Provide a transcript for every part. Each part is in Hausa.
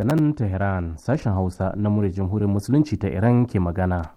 daga nan Iran: sashen Hausa na muryar Jamhuriyar Musulunci ta Iran ke magana.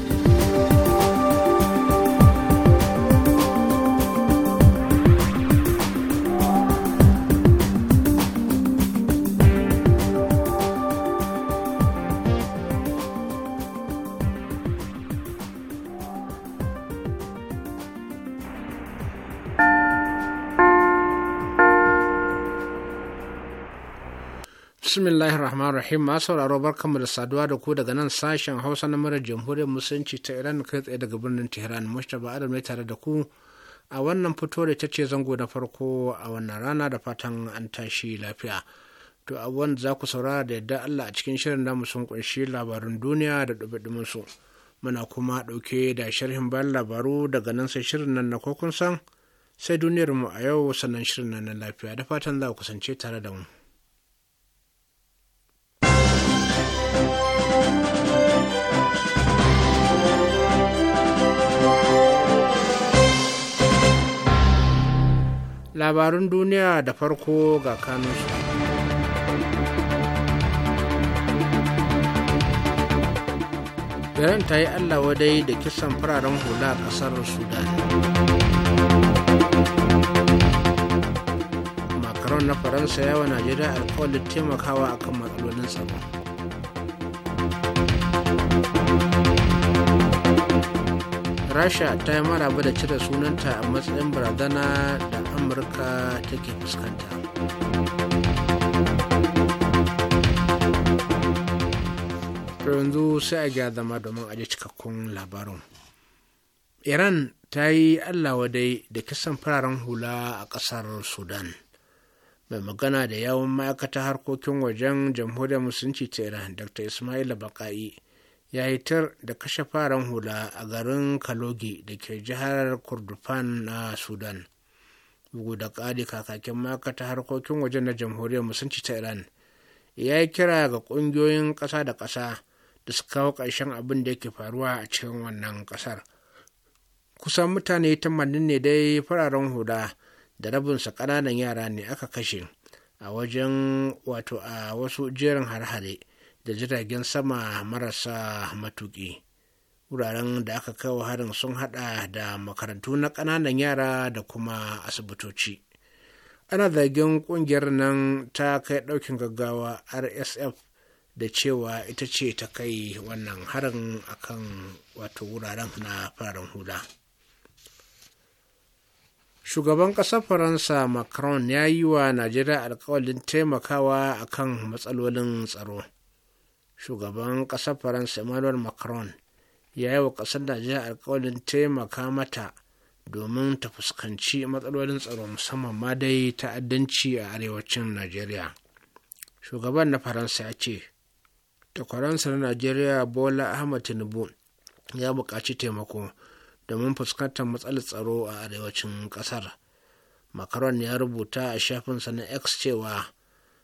bismillahi rahman rahim ma sauraro barkanmu da saduwa da ku daga nan sashen hausa na murar jamhuriyar musulunci ta iran kai tsaye daga birnin tehran mustapha adam ne tare da ku a wannan fito da ta ce zango na farko a wannan rana da fatan an tashi lafiya to abubuwan za ku saurara da yadda allah a cikin shirin namu sun kunshi labarin duniya da dubi su muna kuma ɗauke da sharhin bayan labaru daga nan sai shirin nan na kokun san sai duniyarmu a yau sannan shirin nan na lafiya da fatan za ku kusance tare da mu. labarun duniya da farko ga kanunsu Garin ta yi allah wadai da kisan fararen hula a kasar sudan Makaron na faransa yawa najeriya alkawalin taimakawa akan matsalolin tsaro rasha ta yi maraba da cire sunanta a matsayin barazana da amurka take fuskanta yanzu sai a gya zama domin aji cikakkun labarin iran ta yi allawa dai da kisan fararen hula a ƙasar sudan mai magana da yawon ma'aikatar harkokin wajen jamhuriyar musulunci ta iran dr ismail baka'i ya tar da kashe faran hula a garin kalogi da ke jihar kurdufan na sudan bugu da ƙari kakakin makata harkokin waje na jamhuriyar musulunci ta iran ya yi kira ga ƙungiyoyin kasa da kasa da su kawo ƙarshen abin da yake faruwa a cikin wannan ƙasar kusan mutane tamanin ne dai fararen hula da rabinsa ƙananan yara ne aka kashe a wajen wato a wasu jerin har-hare da jiragen sama marasa matuƙi wuraren da aka kawo harin sun hada da makarantu na ƙananan yara da kuma asibitoci ana zargin ƙungiyar nan ta kai ɗaukin gaggawa rsf da cewa ita ce ta kai wannan harin akan wato wuraren na fararen hula shugaban ƙasar faransa macron ya yi wa najeriya alkawalin taimakawa akan matsalolin tsaro shugaban ƙasar faransa emmanuel macron ya yi wa ƙasar najeriya alkawalin taimaka mata domin ta fuskanci matsalolin tsaro musamman ma dai ta'addanci a arewacin najeriya shugaban na faransa ya ce takwaransa na najeriya bola ahmad tinubu ya buƙaci taimako domin fuskantar matsalar tsaro a arewacin ƙasar macron ya rubuta a shafinsa na x cewa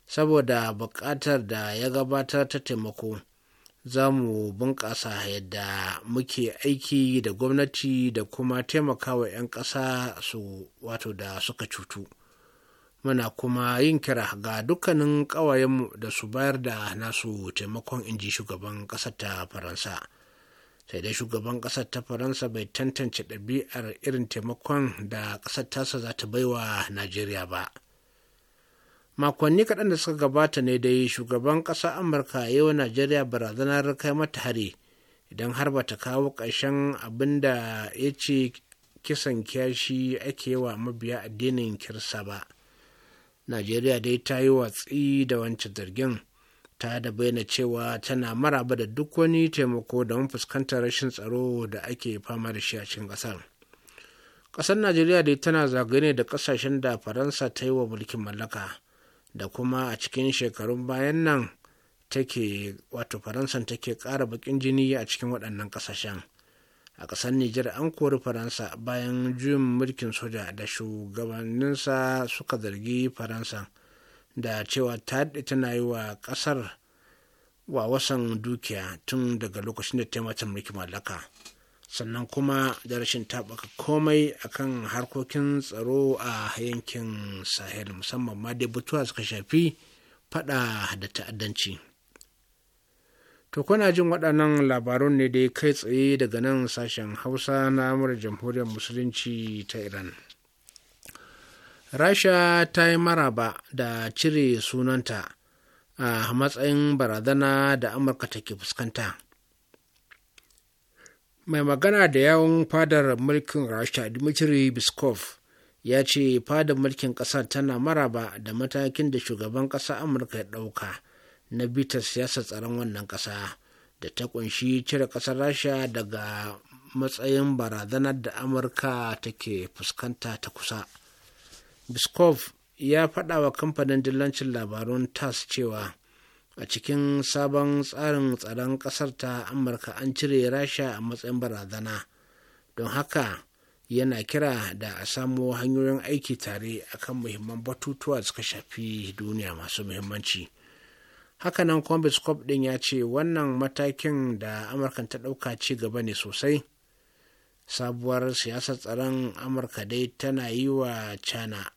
saboda buƙatar da ya gabatar ta taimako za mu bunƙasa yadda muke aiki da gwamnati da kuma taimakawa 'yan ƙasa su wato da suka cutu muna kuma yin kira ga dukkanin ƙawayenmu da su bayar da nasu taimakon inji shugaban ƙasar ta faransa sai dai shugaban ƙasar ta faransa bai tantance ɗabi'ar irin taimakon da ƙasar tasa za ta baiwa najeriya ba makonni kaɗan da suka gabata ne dai shugaban ƙasa amurka ya yi najeriya barazanar kai mata hari idan har ba ta kawo ƙarshen abin da ya ce kisan kyashi ake wa mabiya addinin kirsa ba najeriya dai ta yi watsi da wancan zargin ta da bayyana cewa tana maraba da duk wani taimako don fuskantar rashin tsaro da ake fama da shi a cikin ƙasar ƙasar najeriya dai tana zagaye ne da ƙasashen da faransa ta yi wa mulkin mallaka da kuma a cikin shekarun bayan nan take wato faransa take ƙara baƙin jini a cikin waɗannan ƙasashen a ƙasar nijar an kori faransa bayan juyin mulkin soja da shugabanninsa suka zargi faransa da cewa ta tana yi wa ƙasar wa wasan dukiya tun daga lokacin da ta mata mulki mallaka sannan kuma da rashin taɓaka komai akan harkokin tsaro a yankin sahel musamman ma dai butuwa suka shafi fada da ta'addanci to kuna jin waɗannan labarun ne dai kai tsaye daga nan sashen hausa na mara jamhuriyar musulunci ta iran rasha ta yi maraba da cire sunanta a matsayin barazana da amurka take fuskanta mai magana da yawon fadar mulkin rasha dmitry biskov ya ce fadar mulkin ƙasar tana maraba da matakin da shugaban ƙasa amurka ya ɗauka na bitar siyasar tsaron wannan ƙasa da ta kunshi cire ƙasar rasha daga matsayin barazanar da amurka take fuskanta ta kusa biskov ya faɗa wa kamfanin dillancin labarun tas cewa a cikin sabon tsarin tsaron ƙasar ta amurka an cire rasha a matsayin barazana don haka yana kira da a samo hanyoyin aiki tare akan muhimman batutuwa suka shafi duniya masu muhimmanci hakanan combis cop din ya ce wannan matakin da amurka ta ɗauka ci gaba ne sosai sabuwar siyasar tsaron amurka dai tana yi wa china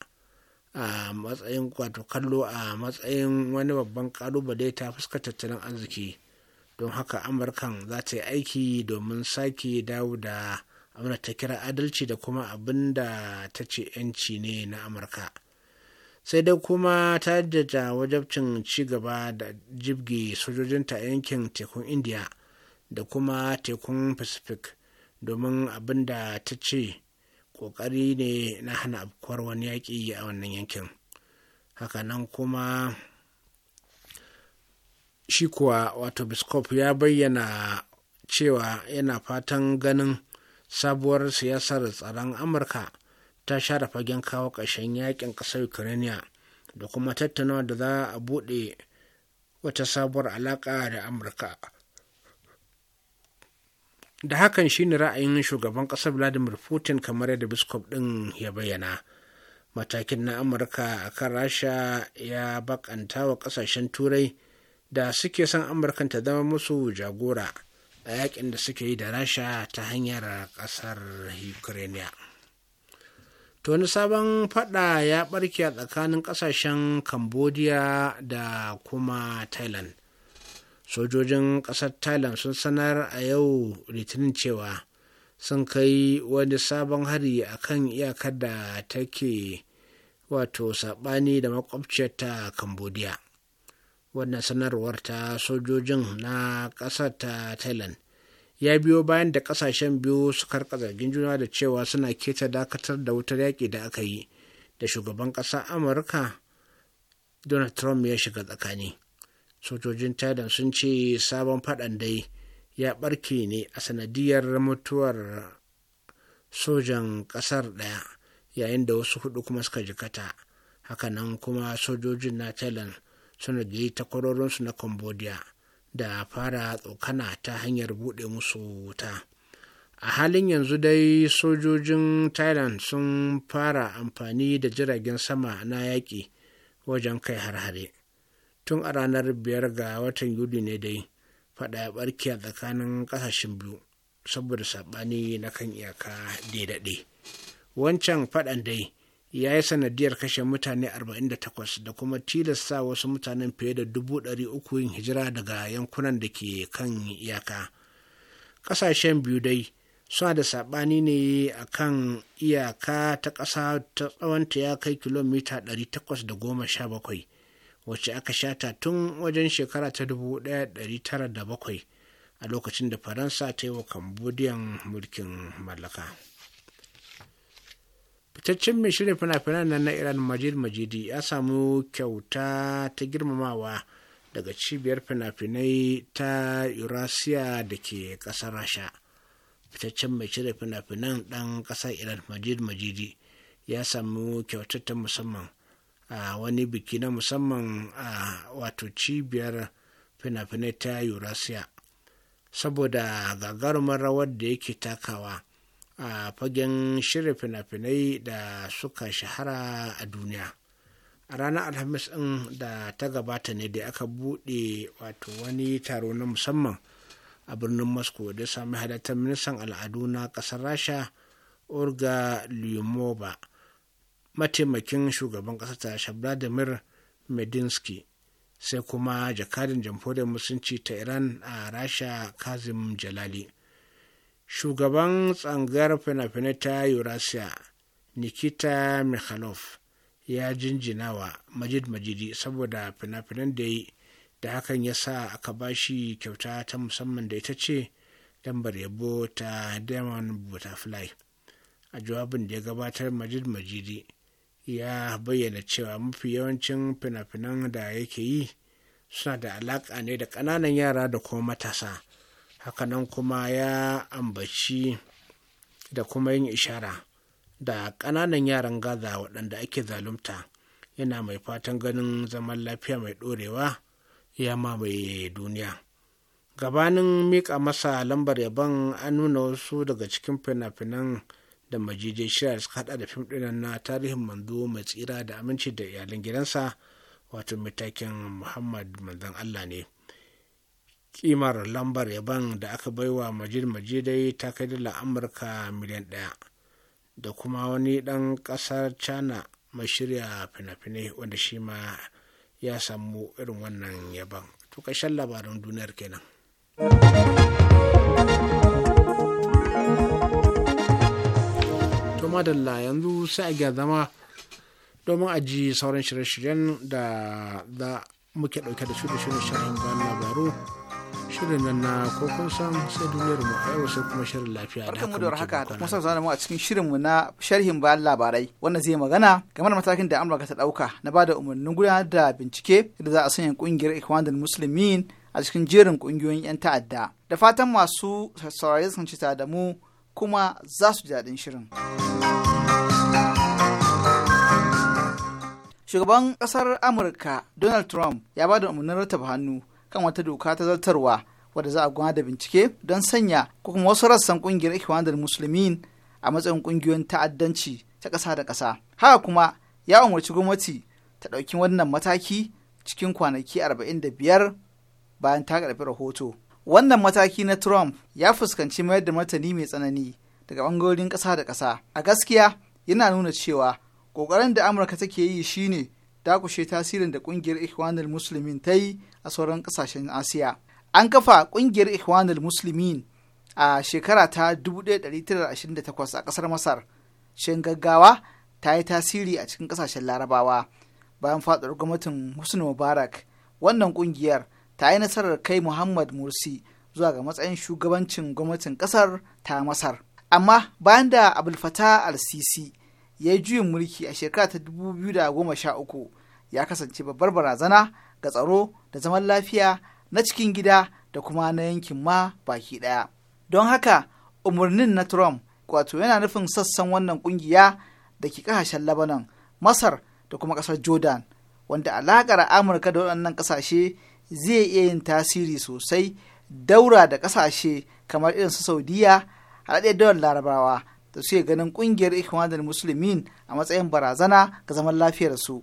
a matsayin wato kallo a matsayin wani babban kalubale ta fuska tattalin arziki don haka amurkan za ta yi aiki domin sake dawo da abin ta kira adalci da kuma abin da ta ce 'yanci ne na amurka sai dai kuma ta jajja wajabcin ci gaba da jibge sojojinta yankin tekun indiya da kuma tekun pacific domin abin da ta ce ƙoƙari ne na hana afkuwar wani yaƙi a wannan yankin hakanan kuma shi kuwa wato biskop ya bayyana cewa yana fatan ganin sabuwar siyasar tsaron amurka ta share fagen kawo ƙarshen yaƙin ƙasar ukraine da kuma tattaunawa da za a buɗe wata sabuwar alaƙa da amurka da hakan shine ra'ayin shugaban ƙasar vladimir putin kamar yadda biskop ɗin ya bayyana matakin na amurka a kan rasha ya bakanta wa ƙasashen turai da suke son amurkan ta zama musu jagora a yakin da suke yi da rasha ta hanyar ƙasar ukraine to wani sabon fada ya barke a tsakanin ƙasashen cambodia da kuma thailand sojojin ƙasar thailand sun sanar a yau litinin cewa sun kai wani sabon hari a kan iyakar da take wato saɓani da ta cambodia wannan sanarwar ta sojojin na ƙasar ta thailand ya biyo bayan da ƙasashen biyu su karka zargin juna da cewa suna keta dakatar da wutar yaƙi da aka yi da shugaban ƙasa amurka donald trump ya shiga tsakani sojojin thailand sun ce sabon faɗan dai ya ɓarke ne a sanadiyar mutuwar sojan ƙasar ɗaya yayin da wasu hudu kuma suka jikata hakanan kuma sojojin na thailand sun ta takwarorinsu na cambodia da fara tsokana ta hanyar buɗe musu wuta a halin yanzu dai sojojin thailand sun fara amfani da jiragen sama na yaƙi wajen kai har-hare tun a ranar biyar ga watan yuli ne dai faɗa ya a tsakanin ƙasashen biyu saboda saɓani na kan iyaka daidai wancan faɗan dai ya yi sanadiyar kashe mutane 48 da kuma tilasta wasu mutanen fiye da uku yin hijira daga yankunan da ke kan iyaka ƙasashen biyu dai suna da saɓani ne a kan iyaka ta ƙasa ta tsawonta ya kai kilomita 817 wacce aka shata tun wajen shekara ta 1907 a lokacin da faransa ta yi wa cambodian mulkin mallaka fitaccen mai shirin fina-finan nan na iran majid majidi ya samu kyauta ta girmamawa daga cibiyar fina-finai ta eurasia da ke ƙasar rasha fitaccen mai shirin fina-finan ɗan ƙasa iran majid majidi ya samu kyauta ta musamman a wani biki na musamman a wato cibiyar fina-finai ta eurasia saboda gagarumar rawar da yake takawa a fagen shirya fina-finai da suka shahara a duniya a ranar alhamis ɗin da ta gabata ne da aka buɗe wato wani taro na musamman a birnin moscow da sami halartar ministan al'adu na ƙasar rasha olga lyumova mataimakin shugaban ƙasar ta vladimir medinsky sai kuma jakadin jamhuriyar musulunci ta iran a rasha kazim jalali shugaban tsangar fina-finai ta eurasia nikita mikhalov ya jinjina wa majid majidi saboda fina-finan da yi da hakan ya sa aka bashi kyauta ta musamman da ita ce lambar yabo ta diamond butterfly a jawabin da ya gabatar majid majidi ya bayyana cewa mafi yawancin fina-finan da yake yi suna da alaƙa ne da ƙananan yara da kuma matasa hakanan kuma ya ambaci da kuma yin ishara da ƙananan yaran gaza waɗanda ake zalunta yana mai fatan ganin zaman lafiya mai ɗorewa ya mamaye duniya gabanin miƙa masa lambar yaban an nuna wasu daga cikin fina-finan da majijin shirya suka hada da fim dinan na tarihin manzo mai tsira da aminci da iyalan gidansa wato mataken muhammad manzon allah ne kimar lambar yaban da aka baiwa majid majidai ta kai dala amurka miliyan ɗaya da kuma wani ɗan ƙasar china mai shirya fina-finai wanda shi ma ya samu irin wannan yaban to labaran duniyar kenan. madalla yanzu sai a gyara zama domin a ji sauran shirye-shiryen da za muke ɗauke da su da shirin shahin bayan labaru shirin nan na kokon san sai duniyar mu a yau sai kuma shirin lafiya da mu da haka da kuma sauran zama a cikin shirin mu na sharhin bayan labarai wanda zai magana game da matakin da Amurka ta ɗauka na bada umarnin gudanar da bincike da za a sanya kungiyar Ikhwanul Muslimin a cikin jerin kungiyoyin 'yan ta'adda da fatan masu saurare sun cita da mu kuma za su ji daɗin shirin. Shugaban ƙasar Amurka Donald Trump ya ba da umarnin rattaba hannu kan wata doka ta zartarwa wadda za a gwana da bincike don sanya ko kuma wasu rassan ƙungiyar Ikhwanul musulmin a matsayin ƙungiyoyin ta'addanci ta ƙasa da ƙasa. Haka kuma ya umarci gwamnati ta ɗauki wannan mataki cikin kwanaki arba'in da biyar bayan ta karɓi rahoto. wannan mataki na trump ya fuskanci mayar da martani mai tsanani daga bangarorin ƙasa da ƙasa a gaskiya yana nuna cewa ƙoƙarin da amurka take yi shine dakushe tasirin da ƙungiyar ikhwanul muslimin ta yi a sauran ƙasashen asiya an kafa ƙungiyar ikhwanul muslimin a shekara ta 1928 a ƙasar masar shin gaggawa ta yi tasiri a cikin ƙasashen larabawa bayan faɗuwar gwamnatin husni mubarak wannan ƙungiyar ta yi nasarar kai Muhammad morsi zuwa ga matsayin shugabancin gwamnatin ƙasar ta Masar. Amma bayan da Abdul Fattah al-Sisi ya yi juyin mulki a shekara ta 2013 ya kasance babbar barazana ga tsaro da zaman lafiya na cikin gida da kuma na yankin ma baki ɗaya. Don haka umarnin na Trump wato yana nufin sassan wannan kungiya da ke kasashen Lebanon, Masar da kuma ƙasar Jordan, wanda alaƙar Amurka da waɗannan ƙasashe zai iya yin tasiri sosai daura da ƙasashe kamar irin su saudiya daɗe dawar larabawa da suke ganin ƙungiyar ikhwanul musulmin a matsayin barazana ga zaman lafiyar su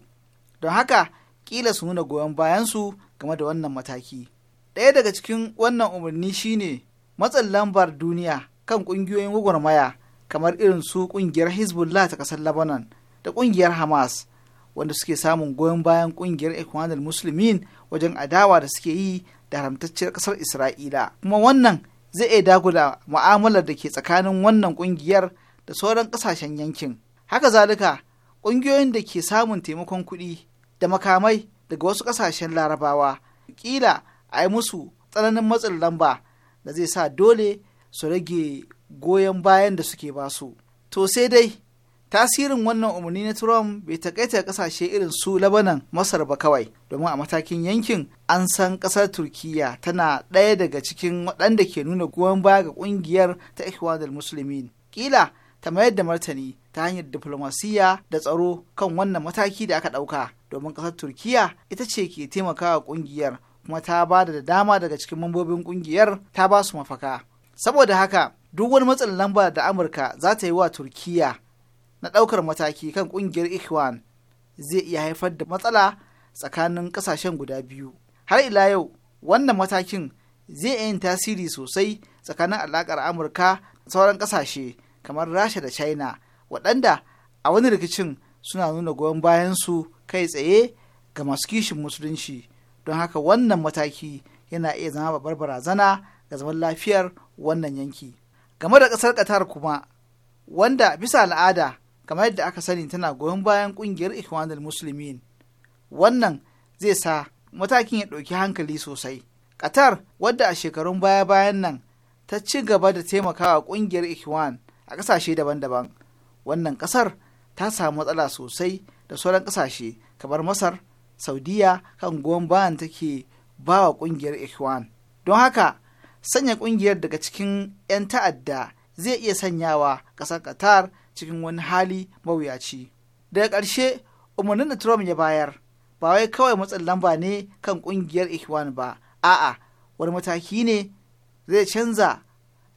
don haka ƙila su nuna goyon bayansu game da wannan mataki ɗaya daga cikin wannan umarni shine matsin lambar duniya kan ƙungiyoyin gwagwarmaya kamar irin su ƙungiyar hezbollah ta ƙasar lebanon da ƙungiyar hamas wanda suke samun goyon bayan ƙungiyar ikhwanul musulmin wajen adawa da suke yi da haramtacciyar ƙasar isra'ila kuma wannan zai iya dagula mu'amalar da ke tsakanin wannan ƙungiyar da sauran ƙasashen yankin haka zalika ƙungiyoyin da ke samun taimakon kuɗi da makamai daga wasu ƙasashen larabawa ƙila a yi musu tsananin matsin lamba da zai sa dole su rage goyon bayan da suke basu to sai dai tasirin wannan umarni na trump bai takaita kasashe irin su labanan masar ba kawai domin a matakin yankin an san kasar turkiya tana ɗaya daga cikin waɗanda ke nuna goyon baya ga ƙungiyar ta ikhwanul muslimin kila ta mayar da martani ta hanyar diflomasiyya da tsaro kan wannan mataki da aka ɗauka domin ƙasar turkiya ita ce ke taimakawa ƙungiyar kuma ta ba da dama daga cikin mambobin ƙungiyar ta ba su mafaka saboda haka duk wani matsin lamba da amurka za ta yi wa turkiya na ɗaukar mataki kan ƙungiyar ikhwan zai iya haifar da matsala tsakanin ƙasashen guda biyu har ila yau wannan matakin zai iya yin tasiri sosai tsakanin alaƙar amurka da sauran ƙasashe kamar rasha da china waɗanda a wani rikicin suna nuna goyon su kai tsaye ga masu kishin musulunci don haka wannan mataki yana iya zama babbar barazana ga zaman lafiyar wannan yanki game da ƙasar qatar kuma wanda bisa al'ada kamar yadda aka sani tana goyon bayan ƙungiyar ikhwanul muslimin wannan zai sa matakin ya ɗauki hankali sosai qatar wadda a shekarun baya bayan nan ta ci gaba da taimakawa ƙungiyar ikhwan a ƙasashe daban-daban wannan ƙasar ta samu matsala sosai da sauran ƙasashe kamar masar saudiya kan goyon bayan take ba wa ƙungiyar ikhwan don haka sanya ƙungiyar daga cikin 'yan ta'adda zai iya sanyawa ƙasar qatar cikin wani hali mawuyaci daga ƙarshe umarnin da trump ya bayar ba wai kawai matsin lamba ne kan ƙungiyar ikhwan ba a'a wani mataki ne zai canza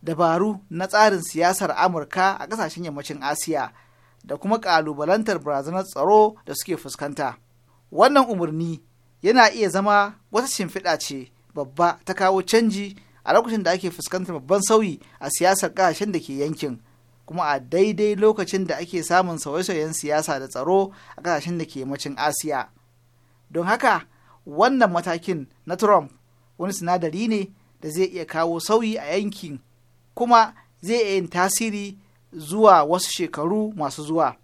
dabaru na tsarin siyasar amurka a ƙasashen yammacin asiya da kuma ƙalubalantar barazanar tsaro da suke fuskanta wannan umarni yana iya zama wata shimfiɗa ce babba ta kawo canji a lokacin da ake fuskantar babban sauyi a siyasar ƙasashen da ke yankin kuma a daidai lokacin da ake samun sauye-sauyen siyasa da tsaro a ƙasashen da ke yammacin asiya don haka wannan matakin na trump wani sinadari ne da zai iya kawo sauyi a yankin kuma zai iya yin tasiri zuwa wasu shekaru masu zuwa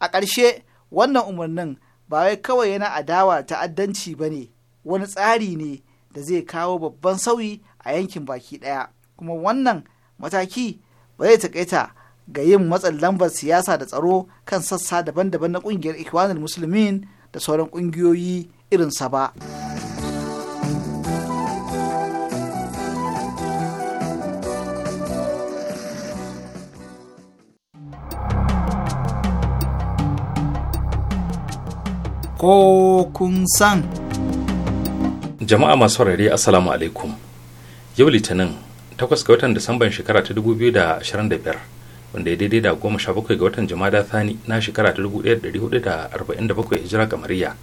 a ƙarshe wannan umarnin ba wai kawai yana adawa ta'addanci ba ne wani tsari ne da zai kawo babban sauyi a yankin baki ɗaya kuma wannan mataki ba zai taƙaita ga yin matsin lambar siyasa da tsaro kan sassa daban-daban na ƙungiyar ikhwanul musulmin da sauran ƙungiyoyi irinsa ba. Ko kun san. Jama'a masu rari, Assalamu alaikum. Yau Litinin takwas ga watan disamban shekara ta 2025 wanda ya daidai da goma sha bakwai ga watan jumada thani na shekara ta 1447 hijira kamariya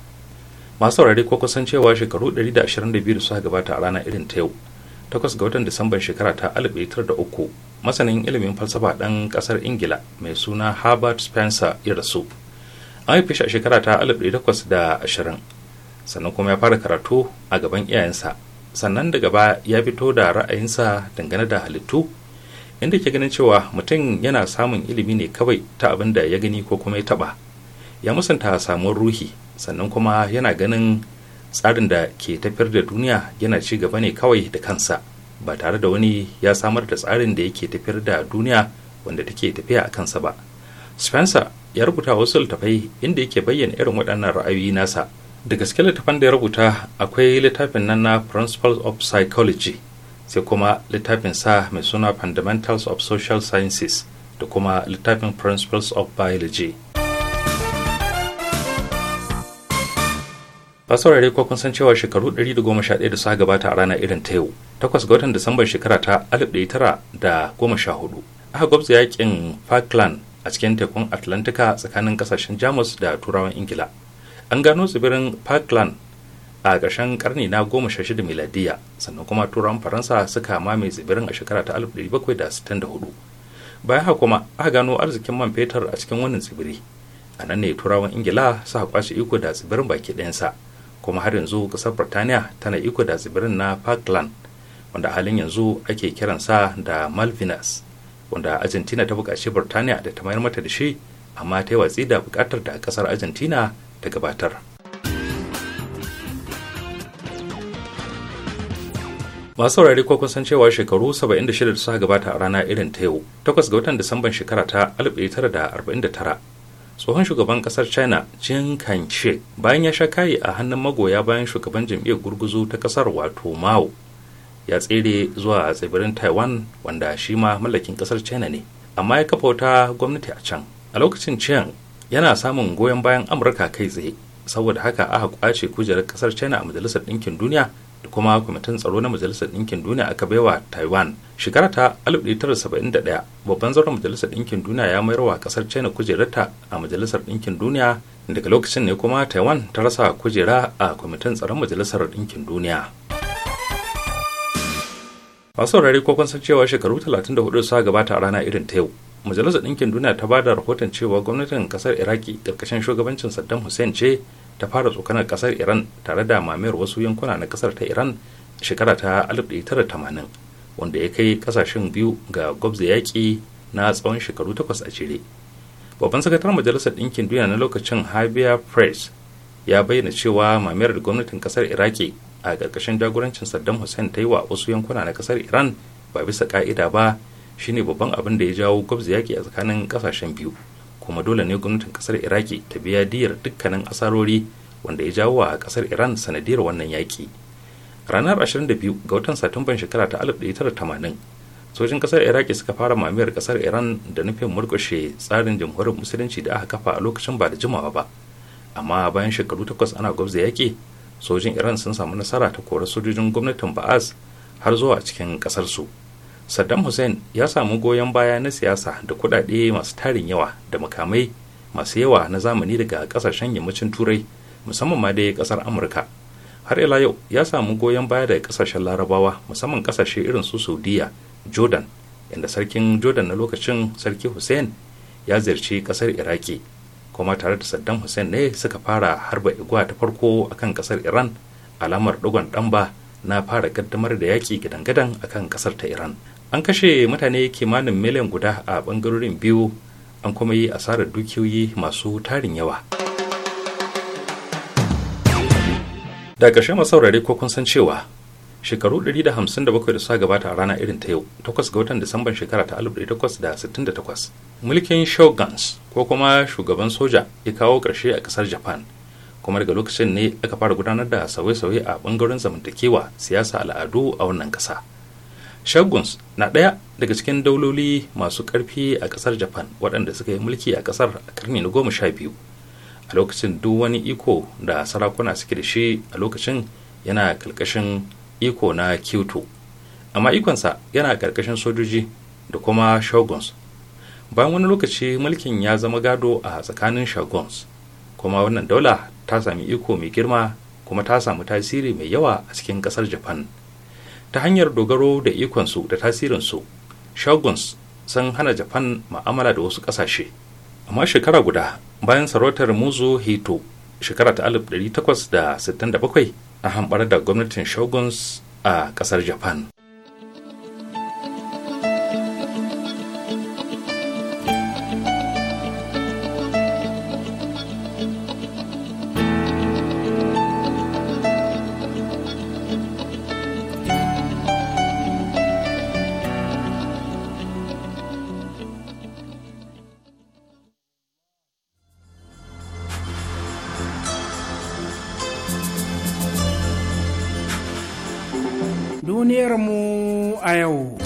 masu saurare ko kusan cewa shekaru 122 da suka gabata a rana irin ta yau takwas ga watan disamban shekara ta 1903 masanin ilimin falsafa ɗan ƙasar ingila mai suna herbert spencer ya rasu an haife shi a shekara ta 1820 sannan kuma ya fara karatu a gaban iyayensa sannan daga gaba ya fito da ra'ayinsa dangane da halittu inda ke ganin cewa mutum yana samun ilimi ne kawai ta abin da ya gani ko kuma ya taɓa. ya musanta samuwar ruhi sannan kuma yana ganin tsarin da ke tafiyar da duniya yana ci gaba ne kawai da kansa ba tare da wani ya samar da tsarin da yake tafiyar da duniya wanda take tafiya a kansa ba spencer ya rubuta wasu littafai inda yake bayyana irin waɗannan ra'ayoyi nasa da gaske littafin da ya rubuta akwai littafin nan na principles of psychology sai kuma littafin sa mai suna fundamentals of social sciences da kuma littafin principles of biology fasaurare ko kun san cewa shekaru 111 da suka gabata a rana irin ta yau takwas ga watan disambar shekara ta 1914 aka gwabza yakin falkland a cikin tekun atlantika tsakanin kasashen jamus da turawan ingila an gano tsibirin parkland a ƙarshen karni na 16 miladiya sannan kuma turawan faransa suka mame tsibirin a shekara ta 1764 bayan haka kuma aka gano arzikin man fetur a cikin wannan tsibiri a nan ne turawan ingila suka kwashe iko da tsibirin baki ɗayansa kuma har yanzu ƙasar birtaniya tana iko da tsibirin na parkland wanda halin yanzu ake kiransa da malvinas wanda argentina ta buƙaci birtaniya da ta mayar mata da shi amma ta yi watsi da buƙatar da ƙasar argentina ta gabatar masu saurari ko kun san cewa shekaru 76 da suka gabata a rana irin ta yau 8 ga watan disamban shekara ta 1949 tsohon shugaban kasar china jin kan bayan ya sha kayi a hannun magoya bayan shugaban jam'iyyar gurguzu ta kasar wato mao ya tsere zuwa tsibirin taiwan wanda shi ma mallakin kasar china ne amma ya kafa wata gwamnati a can a lokacin chiang yana samun goyon bayan amurka kai tsaye saboda haka aka kwace kujerar kasar china a majalisar ɗinkin duniya da kuma kwamitin tsaro na majalisar ɗinkin duniya aka baiwa taiwan shekara ta 1971 babban zauren majalisar ɗinkin duniya ya mayar wa kasar china kujerarta a majalisar ɗinkin duniya daga lokacin ne kuma taiwan ta rasa kujera a kwamitin tsaron majalisar ɗinkin duniya masu saurari ko kun san cewa shekaru 34 suka gabata a rana irin ta yau majalisar ɗinkin duniya ta ba rahoton cewa gwamnatin kasar iraki ƙarƙashin shugabancin saddam hussein ce ta fara tsokanar kasar iran tare da mamayar wasu yankuna na kasar ta iran shekara ta 1980 wanda ya kai ƙasashen biyu ga gwabza yaƙi na tsawon shekaru takwas a jere babban sakatar majalisar ɗinkin duniya na lokacin habia press ya bayyana cewa mamayar da gwamnatin kasar iraki a ƙarƙashin jagorancin saddam hussein ta yi wa wasu yankuna na kasar iran ba bisa ƙa'ida ba shine babban abin da ya jawo gwabza yaki a tsakanin kasashen biyu kuma dole ne gwamnatin kasar iraki ta biya diyar dukkanin asarori wanda ya jawo a kasar iran sanadiyar wannan yaƙi ranar 22 ga watan satumban shekara ta 1980 sojin kasar iraki suka fara mamiyar kasar iran da nufin murkushe tsarin jamhuriyar musulunci da aka kafa a lokacin ba da jimawa ba amma bayan shekaru takwas ana gwabza yaƙi sojin iran sun samu nasara ta kora sojojin gwamnatin ba'az har zuwa cikin ƙasarsu. su saddam hussein ya samu goyon baya na siyasa da kudade masu tarin yawa da makamai masu yawa na zamani daga kasashen yammacin turai musamman ma dai kasar amurka har ila yau ya samu goyon baya daga kasashen larabawa musamman kasashe irin su saudiya jordan inda sarkin jordan na lokacin sarki hussein ya ziyarci kasar iraki kuma tare da saddam hussein ne suka fara harba igwa ta farko akan kasar iran alamar dogon damba na fara gaddamar da yaƙi gidan-gidan akan kasar ta iran an kashe mutane kimanin miliyan guda a bangarorin biyu an kuma yi asarar dukiyoyi masu tarin yawa da ƙarshe masaurari ko kun san cewa shekaru 157 da suka gabata a rana irin ta yau 8 ga watan disamban shekara ta 1868 mulkin shoguns ko kuma shugaban soja ya kawo ƙarshe a kasar japan kuma daga lokacin ne aka fara gudanar da sauye-sauye a bangaren zamantakewa siyasa al'adu a wannan ƙasa. shaguns na ɗaya daga cikin dauloli masu ƙarfi a ƙasar japan waɗanda suka yi mulki a ƙasar a karni na goma sha biyu a lokacin duk wani iko da sarakuna suke da shi a lokacin yana ƙarƙashin iko na kyoto amma ikonsa yana ƙarƙashin sojoji da kuma shaguns bayan wani lokaci mulkin ya zama gado a tsakanin shaguns kuma wannan daula ta sami iko mai girma kuma ta samu tasiri mai yawa a cikin ƙasar japan ta hanyar dogaro da ikonsu da tasirinsu shaguns sun hana japan ma'amala da wasu ƙasashe amma shekara guda bayan sarautar muzo hito shekara ta 1867 an hambar da gwamnatin shoguns a ƙasar japan yau.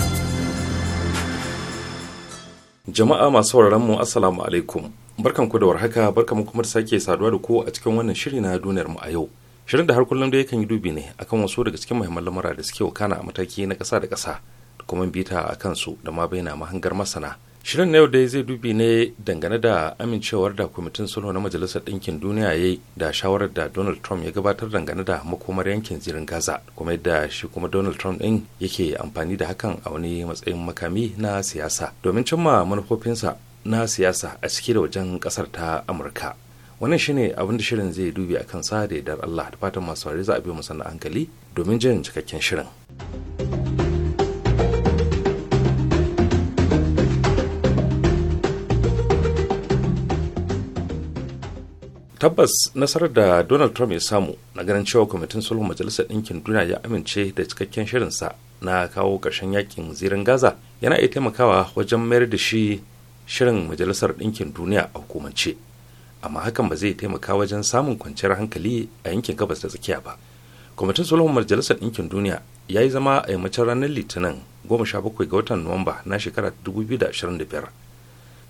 Jama'a masu sauraron mu Assalamu alaikum. Barkan ku da warhaka, barkan kuma da sake saduwa da ku a cikin wannan shiri na duniyar mu a yau. Shirin da har kullum da yakan yi dubi ne akan wasu daga cikin muhimman lamura da suke wakana a mataki na ƙasa da ƙasa da kuma bita a kansu da ma bayyana mahangar masana. Shirin na yau dai zai dubi ne dangane da amincewar da kwamitin sulhu na Majalisar Ɗinkin Duniya ya yi da shawarar da Donald Trump ya gabatar dangane da makomar yankin zirin Gaza, kuma yadda shi kuma Donald Trump ɗin yake amfani da hakan a wani matsayin makami na siyasa domin cimma manufofinsa na siyasa a ciki da wajen ƙasar ta Amurka. Wannan shine abin da shirin zai dubi a kansa da yardar Allah da fatan masu za a biyo musanna hankali domin jin cikakken shirin. tabbas nasarar da donald trump ya samu na ganin cewa kwamitin sulhun majalisar ɗinkin duniya ya amince da cikakken shirinsa na kawo ƙarshen yakin zirin gaza yana iya taimakawa wajen mayar da shi shirin majalisar ɗinkin duniya a hukumance amma hakan ba zai taimaka wajen samun kwanciyar hankali a yankin gabas da tsakiya ba kwamitin sulhun majalisar ɗinkin duniya ya yi zama a yammacin ranar litinin goma sha bakwai ga watan nuwamba na shekara da biyar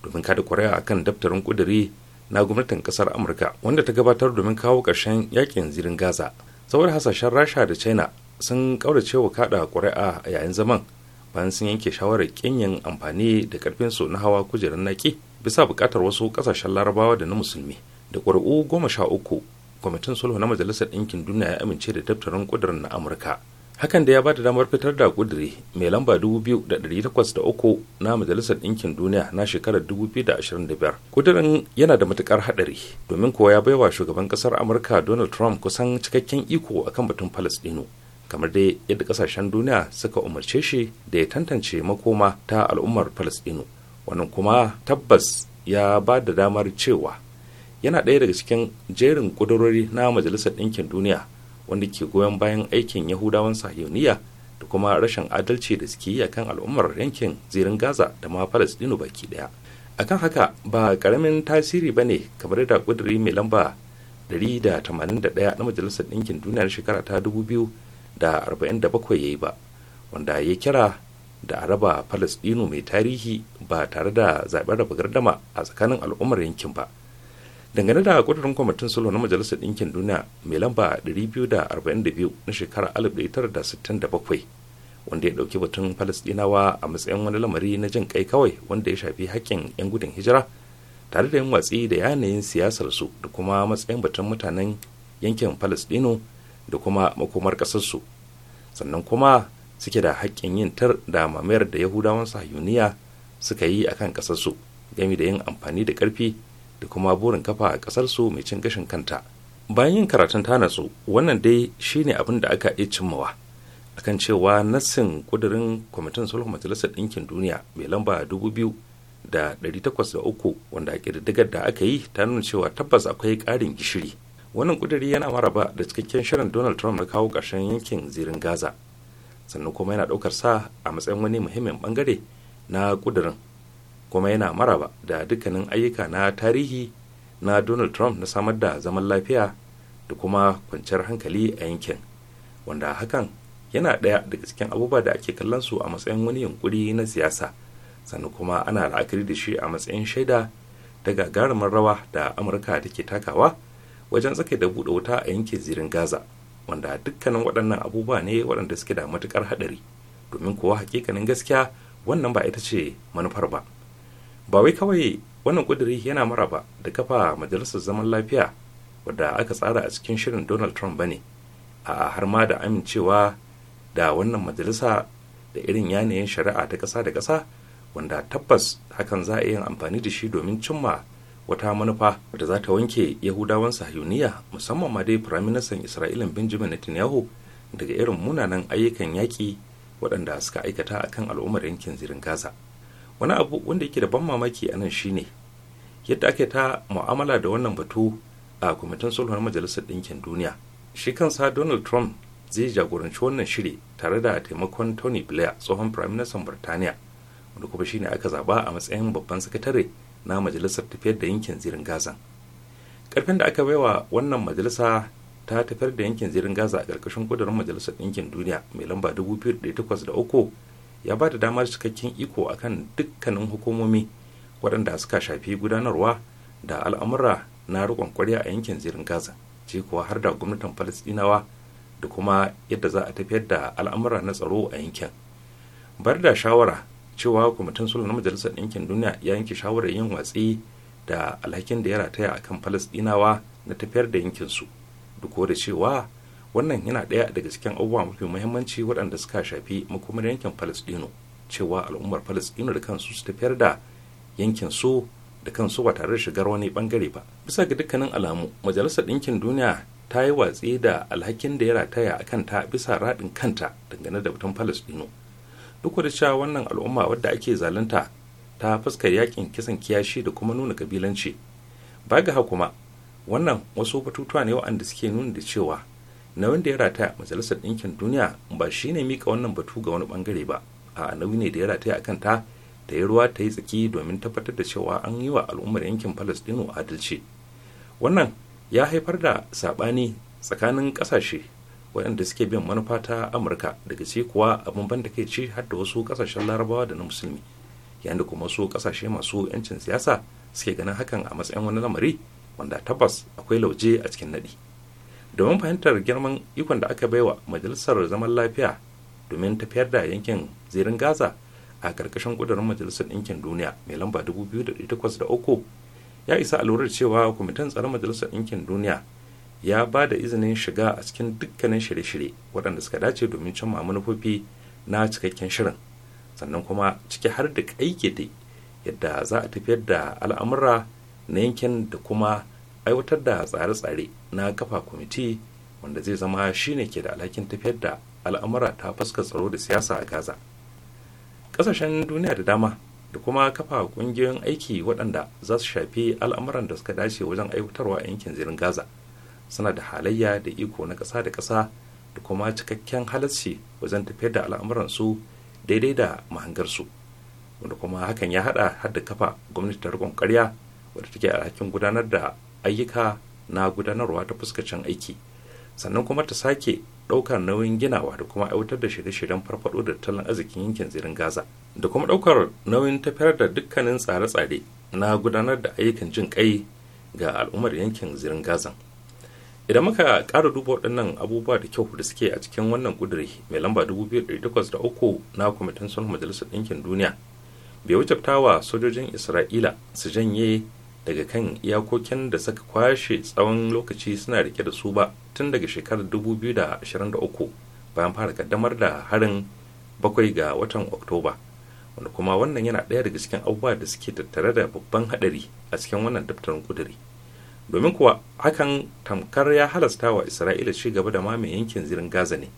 domin kada kwarewa akan daftarin ƙuduri na gwamnatin kasar amurka wanda ta gabatar domin kawo ƙarshen yakin zirin gaza saboda hasashen rasha da china sun kaurace wa kada ƙuri'a a yayin zaman bayan sun yanke shawarar kinyin amfani da karfin su na hawa kujerar naki bisa buƙatar wasu ƙasashen larabawa da na musulmi da ƙuri'u goma sha uku kwamitin sulhu na majalisar ɗinkin duniya ya amince da daftarin ƙudurin na amurka hakan da ya ba da damar fitar da kuduri mai lamba 2,803 na majalisar ɗinkin duniya na shekarar 2025 kudirin yana da matukar haɗari domin kowa ya baiwa shugaban ƙasar amurka donald trump kusan cikakken iko akan batun palestino kamar dai yadda kasashen duniya suka umarce shi da ya tantance makoma ta al'ummar palestino wannan kuma tabbas ya ba da damar cewa yana ɗaya daga cikin jerin ƙudurori na majalisar ɗinkin duniya wanda ke goyon bayan aikin yahudawan sahiyoniya da kuma rashin adalci da suke yi akan al'ummar yankin zirin gaza da ma falastinu baki daya akan haka ba karamin tasiri ba ne kamar da kuduri mai lamba 181 na majalisar ɗinkin duniyar shekara ta 2047 ya yi ba wanda ya kira da a raba falastinu mai tarihi ba tare da zaɓen raba gardama a tsakanin al'ummar yankin ba dangane da kudurin kwamitin sulhu na majalisar ɗinkin duniya mai lamba 242 na shekarar 1967 wanda ya ɗauki batun falasɗinawa a matsayin wani lamari na jin kai kawai wanda ya shafi haƙƙin 'yan gudun hijira tare da yin watsi da yanayin siyasarsu da kuma matsayin batun mutanen yankin falasɗino da kuma makomar ƙasarsu sannan kuma suke da hakkin yin tar da mamayar da yahudawan sahiyuniya suka yi akan ƙasarsu game da yin amfani da ƙarfi da kuma burin kafa a kasar su mai cin gashin kanta bayan yin karatun ta natsu wannan dai shine abin da aka iya cimmawa akan cewa nassin kudirin kwamitin sulh majalisar ɗinkin duniya mai lamba 2,803 wanda ƙididdigar da aka yi ta nuna cewa tabbas akwai ƙarin gishiri wannan kudiri yana maraba da cikakken shirin donald trump na kawo ƙarshen yankin zirin gaza sannan kuma yana ɗaukar sa a matsayin wani muhimmin bangare na kudirin kuma yana maraba da dukkanin ayyuka na tarihi na donald trump na samar da zaman lafiya da kuma kwanciyar hankali a yankin wanda hakan yana ɗaya daga cikin abubuwa da ake kallon su a matsayin wani yunkuri na siyasa sannan kuma ana la'akari da shi a matsayin shaida ta gagarumin rawa da amurka take takawa wajen tsaka da buɗe wuta a yankin zirin gaza wanda dukkanin waɗannan abubuwa ne waɗanda suke da matuƙar haɗari domin kuwa hakikanin gaskiya wannan ba ita ce manufar ba ba wai kawai wannan ƙuduri yana maraba da kafa majalisar zaman lafiya wadda aka tsara a cikin shirin donald trump ba ne a har ma da amincewa da wannan majalisa da irin yanayin shari'a ta ƙasa da ƙasa wanda tabbas hakan za a iya amfani da shi domin cimma wata manufa da za ta wanke yahudawan sahiyuniya musamman ma dai firaministan isra'ila benjamin netanyahu daga irin munanan ayyukan yaƙi waɗanda suka aikata akan al'ummar yankin zirin gaza wani abu wanda yake da ban mamaki a nan shine yadda ake ta mu'amala da wannan batu a kwamitin sulhun majalisar ɗinkin duniya shi kansa donald trump zai jagoranci wannan shiri tare da taimakon tony blair tsohon prime minister birtaniya wanda kuma shine aka zaba a matsayin babban sakatare na majalisar tafiyar da yankin zirin gaza karfin da aka baiwa wannan majalisa ta tafiyar da yankin zirin gaza a karkashin kudurin majalisar ɗinkin duniya mai lamba da 2803 ya ba da damar cikakken iko akan dukkanin hukumomi waɗanda suka shafi gudanarwa da al'amura na riƙon kwarya a yankin zirin gaza ce kuwa har da gwamnatin falastinawa da kuma yadda za a tafiyar da al'amura na tsaro a yankin bar da shawara cewa kwamitin sulhu na majalisar ɗinkin duniya ya yanke shawarar yin watsi da alhakin da ya rataya akan falastinawa na tafiyar da yankinsu duk da cewa wannan yana daya daga cikin abubuwa mafi muhimmanci waɗanda suka shafi makomar yankin palestino cewa al'ummar palestino da kansu su tafiyar da yankin su da kansu ba tare da shigar wani bangare ba bisa ga dukkanin alamu majalisar ɗinkin duniya ta yi watsi da alhakin da ya rataya a kanta bisa raɗin kanta dangane da batun palestino duk da cewa wannan al'umma wadda ake zalunta ta fuskar yakin kisan kiyashi da kuma nuna kabilanci ba ga kuma wannan wasu batutuwa ne waɗanda suke nuna da cewa na wanda ya rataya majalisar ɗinkin duniya ba shi ne mika wannan batu ga wani bangare ba a nauyi ne da ya rataya a kanta ta yi ruwa ta yi tsaki domin tabbatar da cewa an yi wa al'ummar yankin palestino adalci wannan ya haifar da saɓani tsakanin ƙasashe waɗanda suke bin manufa ta amurka daga ce kuwa abin ban da kai ce har da wasu ƙasashen larabawa da na musulmi yayin da kuma wasu ƙasashe masu 'yancin siyasa suke ganin hakan a matsayin wani lamari wanda tabbas akwai lauje a cikin naɗi. domin fahimtar girman ikon da aka baiwa majalisar zaman lafiya domin tafiyar da yankin zirin gaza a ƙarƙashin ƙudurin majalisar ɗinkin duniya mai lamba 2008 ya isa alurar cewa kwamitin tsaron majalisar ɗinkin duniya ya ba da izinin shiga a cikin dukkanin shirye-shirye waɗanda suka dace domin cimma manufofi na cikakken shirin sannan kuma ciki har da yadda za a tafiyar da al'amura na yankin da kuma aiwatar da tsare-tsare na kafa kwamiti wanda zai zama shine ke da alhakin tafiyar da al'amura ta fuskar tsaro da siyasa a gaza ƙasashen duniya da dama da kuma kafa ƙungiyoyin aiki waɗanda za su shafi al'amuran da suka dace wajen aiwatarwa a yankin zirin gaza suna da halayya da iko na ƙasa da ƙasa da kuma cikakken halarci wajen tafiyar da al'amuran su daidai da mahangarsu wanda kuma hakan ya haɗa har da kafa gwamnati ta riƙon ƙarya wadda take alhakin gudanar da ayyuka na gudanarwa ta fuskacin aiki sannan kuma ta sake ɗaukar nauyin ginawa da kuma aiwatar da shirye-shiryen farfaɗo da tattalin arzikin yankin zirin gaza da kuma ɗaukar nauyin tafiyar da dukkanin tsare-tsare na gudanar da ayyukan jin kai ga al'ummar yankin zirin gazan idan muka ƙara duba waɗannan abubuwa da kyau da suke a cikin wannan ƙuduri mai lamba 2008 na kwamitin sulhu majalisar ɗinkin duniya bai wuce wa sojojin isra'ila su janye daga kan iyakokin da suka kwashe tsawon lokaci suna rike da su ba tun daga shekarar 2023 bayan fara kaddamar da harin bakwai ga watan oktoba wanda kuma wannan yana ɗaya daga cikin abubuwa da suke tattare da babban haɗari a cikin wannan daftarin kuduri domin kuwa hakan tamkar ya halasta wa isra'ila ci gaba da mamaye yankin zirin gaza ne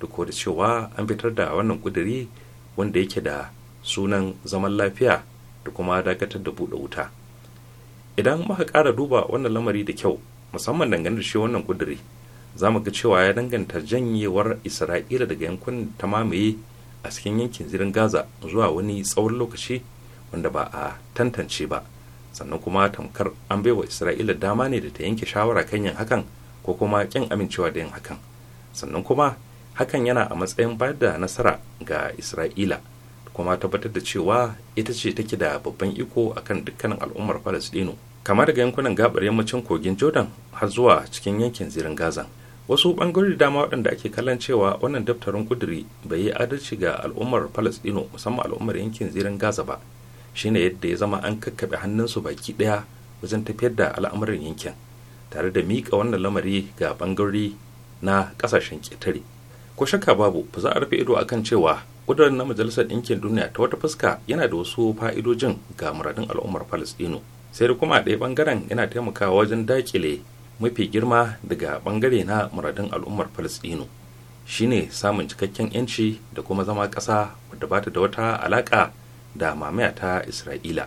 duk da cewa an fitar da wannan kuduri wanda yake da sunan zaman lafiya da kuma dakatar da buɗe wuta idan muka ƙara duba wannan lamari da kyau musamman dangane da shi wannan kuduri za mu ga cewa ya danganta janyewar isra'ila daga yankunan ta mamaye a cikin yankin zirin gaza zuwa wani tsawon lokaci wanda ba a tantance ba sannan kuma tamkar an baiwa isra'ila dama ne da ta yanke shawara kan yin hakan ko kuma kin amincewa da yin hakan sannan kuma hakan yana a matsayin bayar da nasara ga isra'ila kuma tabbatar da cewa ita ce take da babban iko akan dukkanin al'ummar falastinu kama daga yankunan gabar yammacin kogin jordan har zuwa cikin yankin zirin Gaza wasu bangarori dama waɗanda ake kallon cewa wannan daftarin kuduri bai yi adalci ga al'ummar palestino musamman al'ummar yankin zirin gaza ba shine yadda ya zama an kakkaɓe hannunsu baki ɗaya wajen tafiyar da al'amuran yankin tare da miƙa wannan lamari ga bangarori na ƙasashen ƙetare ko shakka babu ba za a rufe ido akan cewa ƙudurin na majalisar ɗinkin duniya ta wata fuska yana da wasu fa'idojin ga muradin al'ummar palestino sai da kuma a ɗaya bangaren yana taimakawa wajen dakile mafi girma daga ɓangare na muradun al'ummar falastinu shine samun cikakken yanci da kuma zama ƙasa wadda ba ta da wata alaƙa da mamaya ta isra'ila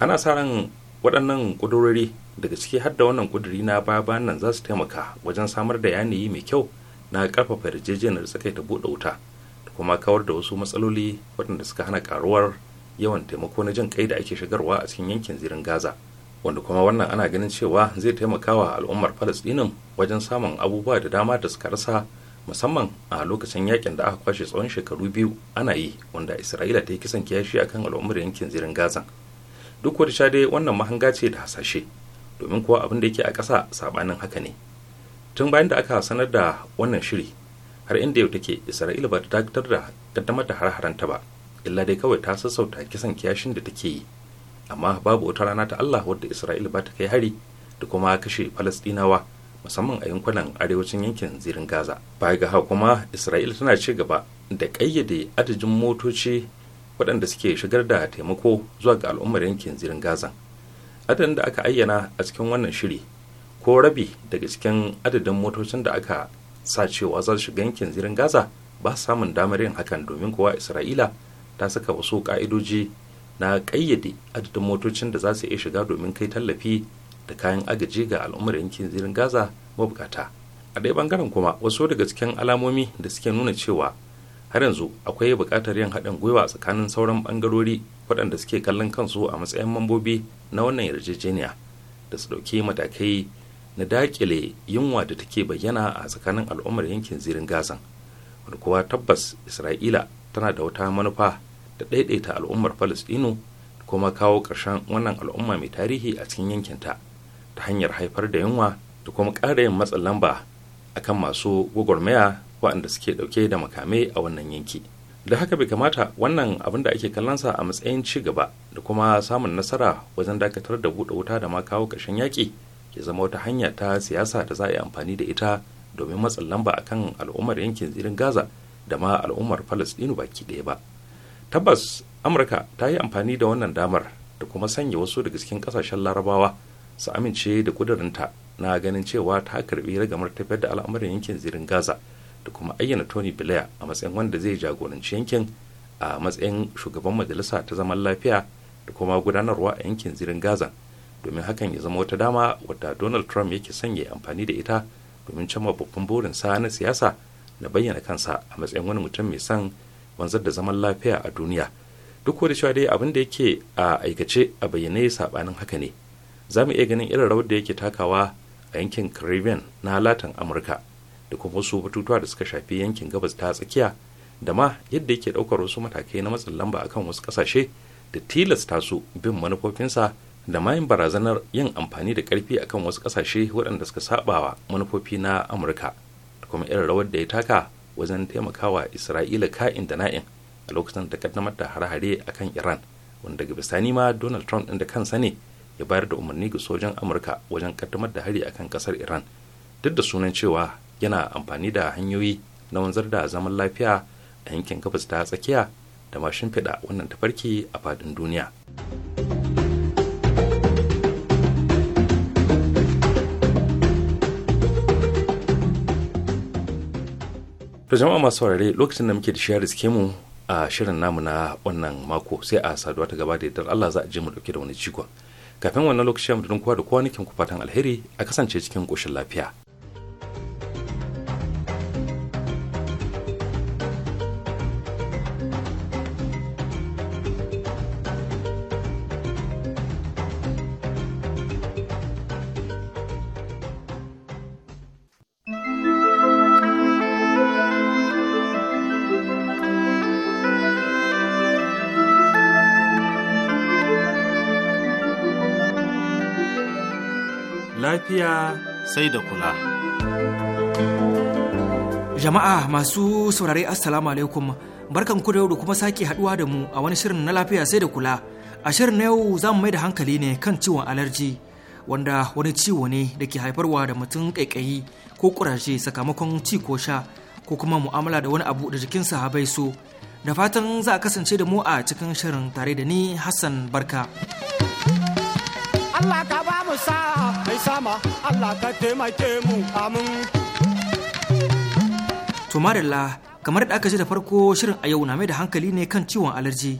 ana sa ran waɗannan ƙudurori daga ciki har da wannan ƙuduri na baya nan za su taimaka wajen samar da yanayi mai kyau na ƙarfafa yarjejeniyar tsakaita buɗe wuta da kuma kawar da wasu matsaloli waɗanda suka hana ƙaruwar yawan taimako na jin kai da ake shigarwa a cikin yankin zirin gaza wanda kuma wannan ana ganin cewa zai taimakawa al'ummar falastinin wajen samun abubuwa da dama da suka rasa musamman a lokacin yakin da aka kwashe tsawon shekaru biyu ana yi wanda isra'ila ta yi kisan kiyashi akan al'ummar yankin zirin gaza duk wata sha dai wannan mahanga ce da hasashe domin kuwa abin da yake a ƙasa saɓanin haka ne tun bayan da aka sanar da wannan shiri har inda yau take isra'ila ba ta dakatar da kaddamar da har-haranta ba illa dai kawai ta sassauta kisan kiyashin da take yi amma babu wata rana ta Allah wadda Isra'ila ba ta kai hari da kuma kashe Falastinawa musamman a yankunan arewacin yankin zirin Gaza. Baya ga haka kuma Isra'ila tana ci gaba da kayyade adadin motoci waɗanda suke shigar da taimako zuwa ga al'ummar yankin zirin Gaza. Adadin da aka ayyana a cikin wannan shiri ko rabi daga cikin adadin motocin da aka sa cewa za su shiga yankin zirin Gaza ba samun damar yin hakan domin kowa Isra'ila ta saka wasu ƙa'idoji na ƙayyade adadin motocin da za su iya shiga domin kai tallafi da kayan agaji ga al'ummar yankin zirin gaza mabukata a ɗaya bangaren kuma wasu daga cikin alamomi da suke nuna cewa har yanzu akwai buƙatar yin haɗin gwiwa tsakanin sauran ɓangarori waɗanda suke kallon kansu a matsayin mambobi na wannan yarjejeniya da su ɗauki matakai na daƙile yunwa da take bayyana a tsakanin al'ummar yankin zirin gazan wani kuwa tabbas isra'ila tana da wata manufa da ɗaiɗaita al'ummar falastinu kuma kawo ƙarshen wannan al'umma mai tarihi a cikin yankinta ta hanyar haifar da yunwa da kuma ƙara yin matsin lamba a kan masu gwagwarmaya waɗanda suke ɗauke da makamai a wannan yanki da haka bai kamata wannan abin da ake kallonsa a matsayin ci gaba da kuma samun nasara wajen dakatar da buɗe wuta da ma kawo ƙarshen yaƙi ya zama wata hanya ta siyasa da za a yi amfani da ita domin matsin lamba akan al'ummar yankin zirin gaza da ma al'ummar falastinu baki ɗaya ba tabbas amurka ta yi amfani da wannan damar da kuma sanya wasu daga cikin kasashen larabawa su amince da ƙudurinta na ganin cewa ta karbi ragamar tafiyar da al'amuran yankin zirin gaza da kuma ayyana tony blair a matsayin wanda zai jagoranci yankin a matsayin shugaban majalisa ta zaman lafiya da kuma gudanarwa a yankin zirin gaza domin hakan ya zama wata dama wadda donald trump yake sanya amfani da ita domin cimma babban burinsa na siyasa na bayyana kansa a matsayin wani mutum mai son wanzar da zaman lafiya a duniya duk da cewa dai abin da yake a aikace a bayyane sabanin haka ne za mu iya ganin irin rawar da yake takawa a yankin caribbean na latin amurka da kuma wasu batutuwa da suka shafi yankin gabas ta tsakiya da ma yadda yake ɗaukar wasu matakai na matsin lamba akan wasu kasashe da tilasta su bin manufofinsa da mayin barazanar yin amfani da karfi akan wasu ƙasashe waɗanda suka saɓawa manufofi na amurka da kuma irin rawar da ya taka wajen taimakawa isra'ila ka'in da na'in a lokacin da kaddamar da hare-hare a kan iran wanda daga bisani ma donald trump ɗin da kansa ne ya bayar da umarni ga sojan amurka wajen kaddamar da hari a kan ƙasar iran duk da sunan cewa yana amfani da hanyoyi na wanzar da zaman lafiya a yankin gabas ta tsakiya da mashin fiɗa wannan tafarki a faɗin duniya. to jama'a masu saurare lokacin da muke da shiyar riske mu a shirin namu na wannan mako sai a saduwa ta gaba da idan Allah za a je mu dauke da wani cikon kafin wannan lokacin mu da kowa da kowa nake ku fatan alheri a kasance cikin koshin lafiya lafiya sai da kula. Jama'a masu saurare Assalamu alaikum barkan ku da yau kuma sake haduwa da mu a wani shirin na lafiya sai da kula. A shirin na yau za mu mai da hankali ne kan ciwon alarji wanda wani ciwo ne da ke haifarwa da mutum kaikayi ko ƙuraje sakamakon ci ko sha ko kuma mu'amala da wani abu da jikinsa bai so. Da fatan za a kasance da mu a cikin shirin tare da ni Hassan Barka. Allah ka ba mu sa mai Allah ka taimake mu amin. kamar da aka ji da farko shirin a yau na mai da hankali ne kan ciwon alarji.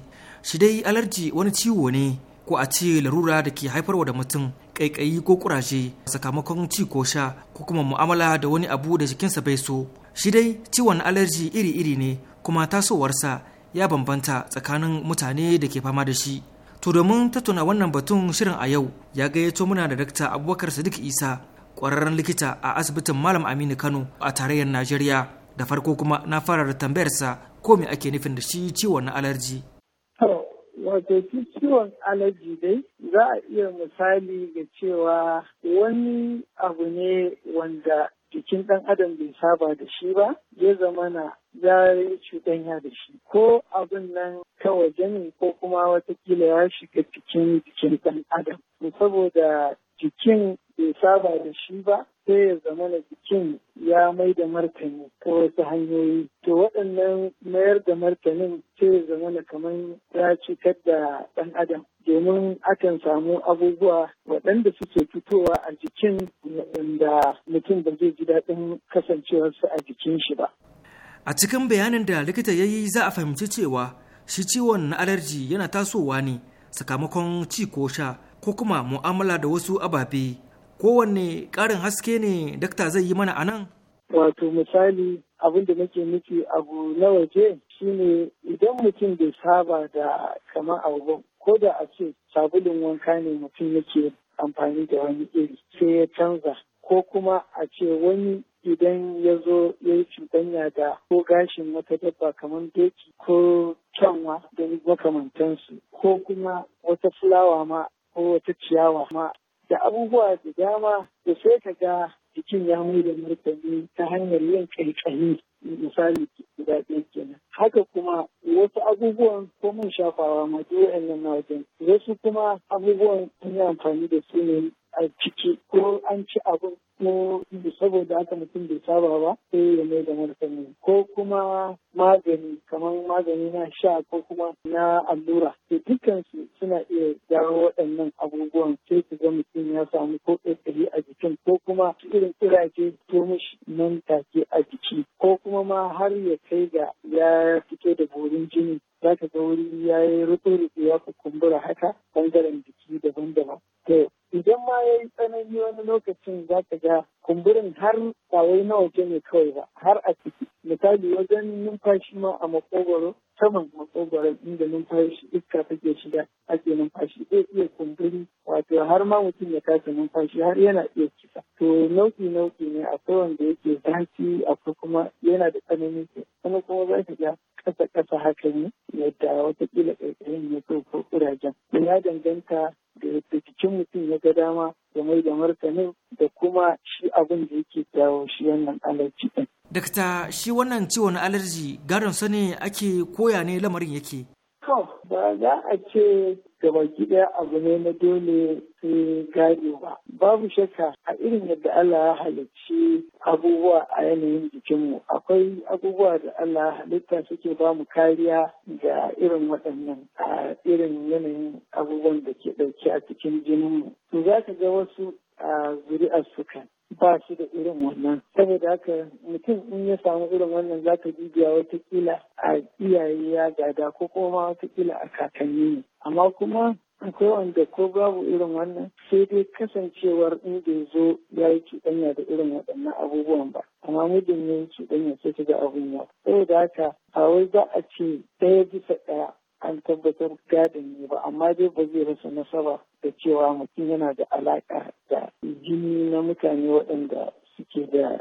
Shi dai alarji wani ciwo ne ko a ce larura da ke haifarwa da mutum ƙaiƙayi ko kuraje sakamakon ci ko sha ko kuma mu'amala da wani abu da jikinsa bai so. Shi dai ciwon alarji iri-iri ne kuma tasowarsa ya bambanta tsakanin mutane da ke fama da shi. To domin tattauna wannan batun shirin a yau ya gayyato muna da Dakta Abubakar Sadiq Isa ƙwararren likita a asibitin Malam Aminu Kano a tarayyar Najeriya. Da farko kuma na fara da tambayarsa ko me ake nufin da shi ciwon na alarji. Wato shi ciwon alaji dai za a iya misali ga cewa wani abu ne wanda jikin ɗan adam bai saba da shi ba ya zamana ya yi ya da shi ko abin nan ta waje ne ko kuma watakila ya shiga cikin jikin ɗan adam saboda jikin bai saba da shi ba sai ya zamana jikin ya mai da martani ta wasu hanyoyi to waɗannan mayar da martanin sai ya zama kamar ya cikar da ɗan adam domin akan samu abubuwa waɗanda suke fitowa a jikin da mutum ba zai ji daɗin kasancewarsu a jikin shi ba. A cikin bayanin da likita ya yi za a fahimci cewa shi ciwon na alarji yana tasowa ne sakamakon ci ko sha ko kuma mu'amala da wasu ababe. Kowanne ƙarin haske ne dakta zai yi mana a nan? Wato misali abin da nake nufi abu na waje shine idan mutum bai saba da kamar abu ko da a ce sabulun wanka ne mutum yake amfani da wani iri sai ya canza ko kuma a ce wani idan ya zo ya yi cuɗanya da ko gashin wata dabba kamar doki ko kyanwa da makamantansu ko kuma wata fulawa ma ko wata ciyawa ma da abubuwa da dama da sai ka ga jikin ya mai da martani ta hanyar yin ƙaiƙayi misali guda ɗaya kenan haka kuma wasu abubuwan ko man shafawa ma duk wa'annan na wajen wasu kuma abubuwan sun yi amfani da su ne a ciki ko an ci abin ko saboda haka mutum bai saba ba sai ya mai da martani ko kuma magani kamar magani na sha ko kuma na allura to dukansu suna iya jawo waɗannan abubuwan sai su ga mutum ya samu ko ƙirƙiri a jikin ko kuma irin ƙiraje ko mishi nan take a jiki ko kuma ma har ya kai ga ya fito da borin jini za ka ga wuri ya yi rufe-rufe ya kumbura haka ɓangaren jiki daban-daban ya yi tsanani wani lokacin za ka ga kumburin har ba wai na waje ne kawai ba har a ciki misali wajen numfashi ma a makogoro saman makogoro inda numfashi iska take shiga ake numfashi zai iya kumburi wato har ma mutum ya kasa numfashi har yana iya kisa to nau'i nau'i ne akwai wanda yake zafi akwai kuma yana da tsanani wani kuma za ka ga kasa ƙasa haka ne yadda watakila ƙaiƙayin ya ko kurajen ya danganta da jikin mutum ya ga dama ya mai da martanin da kuma shi abin da yake jawo shi wannan alerji din. Dakta shi wannan ciwon alerji gadon sani ake koya ne lamarin yake. To, ba za a ce gaba gida abu ne na dole sai gado ba. Babu shakka a irin yadda Allah ya halicci abubuwa a yanayin jikinmu. Akwai abubuwa da Allah halitta suke ba mu kariya ga irin waɗannan a irin yanayin abubuwan da ke ɗauki a cikin jininmu. To za ka ga wasu a zuri'ar sukan ba shi da irin wannan saboda haka mutum in ya samu irin wannan za ka dubiya watakila a iyaye ya gada ko kuma watakila a kakanni ne amma kuma akwai wanda ko babu irin wannan sai dai kasancewar inda ya zo ya yi cuɗanya da irin waɗannan abubuwan ba amma muddin ya yi cuɗanya sai ta ga abun ya saboda haka a wai za a ce ɗaya bisa ɗaya an tabbatar gadin ne ba amma dai ba zai rasa nasaba da cewa mutum yana da alaƙa da jini na mutane waɗanda suke da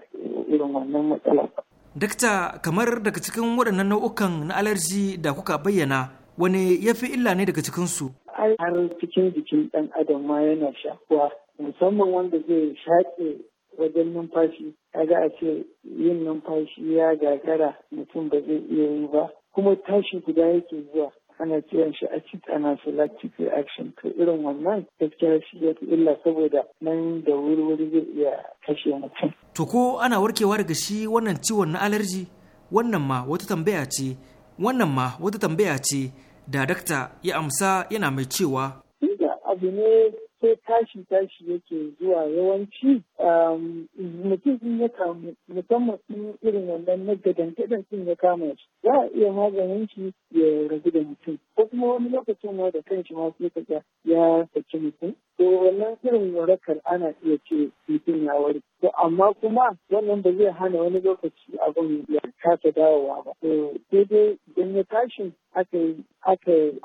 irin wannan matsala. Dakta kamar daga cikin waɗannan nau'ukan na alerji da kuka bayyana wani ya fi illa ne daga cikinsu? Har cikin jikin ɗan adam ma yana shakuwa musamman wanda zai shaƙe wajen numfashi kaga a ce yin numfashi ya gagara mutum ba zai iya yi ba kuma tashi guda yake zuwa ana kiran shi acute anaphylactic reaction to irin wannan gaskiya shi ya fi illa saboda nan da wuri-wuri zai iya kashe mutum. To ko ana warkewa daga shi wannan ciwon na alerji? Wannan ma wata tambaya ce, wannan ma wata tambaya ce da dakta ya amsa yana mai cewa. Inda abu ne sai tashi tashi yake zuwa yawanci um, mutum in ya kamu musamman in irin wannan na gadan sun ya kama shi za a iya maganin shi ya ragu da mutum ko kuma wani lokacin ma da kanshi ma sai kaga ya saki mutum to wannan irin warakar ana iya ce mutum ya wari. to amma kuma wannan ba zai hana wani lokaci abin ya kasa dawowa ba to sai dai idan ya tashi aka yi aka yi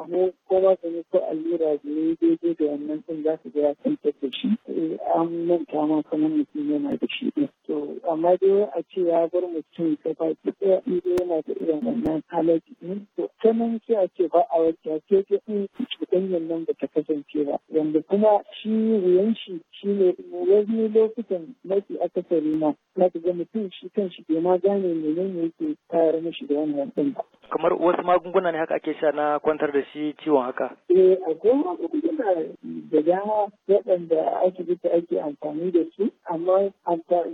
ko ma ko allura da daidai da wannan sun za su ka ya kwantar da shi eh, an manta ma kamar mutum yana da shi to amma dai a ce ya bar mutum gaba ki ɗaya in dai yana da irin wannan halaji ne to ta nan sai a ce ba a wajen sai ta in cuɗanyar nan ba ta kasance ba wanda kuma shi wuyan shi shi ne wani lokutan mafi akasari ma na ka ga mutum shi kan shi bai ma gane menene yake tayar mashi da wannan ɗin ba. kamar wasu magunguna ne haka ake sha na kwantar da shi ciwon haka. eh akwai magunguna da dama waɗanda ake asibiti ake amfani da su amma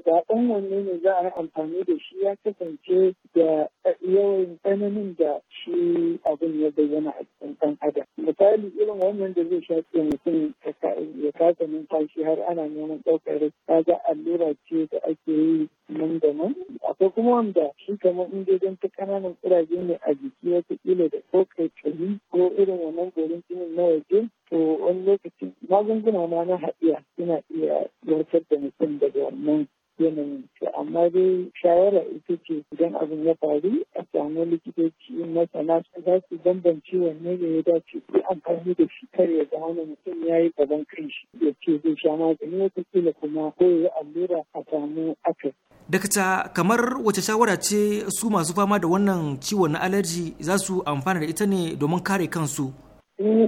zaɓen wanne ne za a yi amfani da shi ya kasance da yawan tsananin da shi abin ya bayyana a cikin ɗan adam misali irin wannan da zai shafi mutum ya kasa numfashi har ana neman ɗaukar kaga allura ce da ake yi nan da nan akwai kuma wanda shi kamar in ta ƙananan ƙiraje ne a jiki kila da ko kai ko irin wannan gorin jinin na waje to wani lokaci magunguna ma na haɗiya suna iya warkar da mutum daga wannan yanayin su amma dai shawara ita ce idan abin ya faru a samu likitoci masana su za su bambance wanne ne ya dace ko amfani da shi kar ya zama na mutum ya yi gaban kan shi ya ce zai sha magani wataƙila kuma ko ya allura a samu akai. Dakta kamar wace shawara ce su masu fama da wannan ciwon na alaji za su amfana da ita ne domin kare kansu? Eh,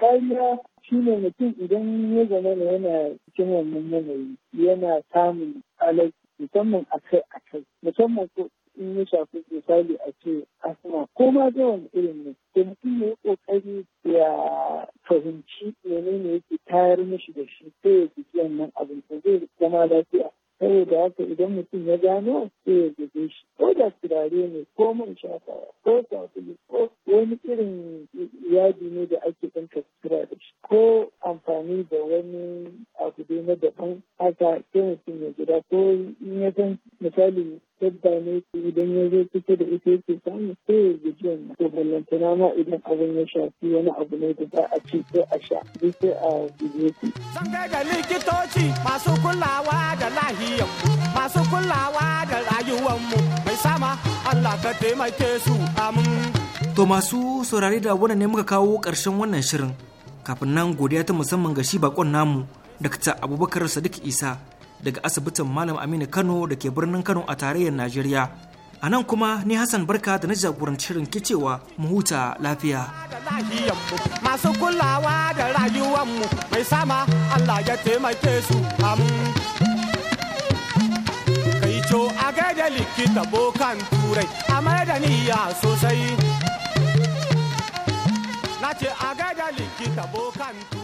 kariya shi ne mutum idan ya zama yana cikin wannan yanayi yana samun alaƙi musamman akai akai musamman ko in ya shafi misali a ce asma ko ma da wani irin ne da mutum ya yi kokari ya fahimci menene yake tayar mishi da shi sai ya ji wannan abin da zai zama lafiya saboda haka idan mutum ya gano sai ya guje shi ko da turare ne ko man shafawa ko sabulu ko wani irin yadi ne da ake ɗan kastura da shi ko amfani da wani abu dai na daban haka sai mutum ya gida ko in ya san misali yadda ne idan ya zo kusa da ita yake samu sai ya guji wannan to ballantana ma idan abin ya shafi wani abu ne da za a ci ko a sha duk sai a guje su. zan kai da likitoci masu kulawa da lahiyar masu kulawa da rayuwarmu mai sama allah ka taimake su amin. to masu saurari da wannan ne muka kawo ƙarshen wannan shirin kafin nan godiya ta musamman ga shi bakon namu Dakta Abubakar Sadiq Isa daga asibitin Malam Aminu Kano da ke birnin Kano a tarayyar Najeriya. A nan kuma ni Hassan Barka da na jagoranci shirin ke cewa mu huta lafiya. Masu kulawa da mu mai sama Allah ya taimake su Kai co a gaida likita bokan turai a mai da niyya sosai. Na ce a gaida likita bokan turai.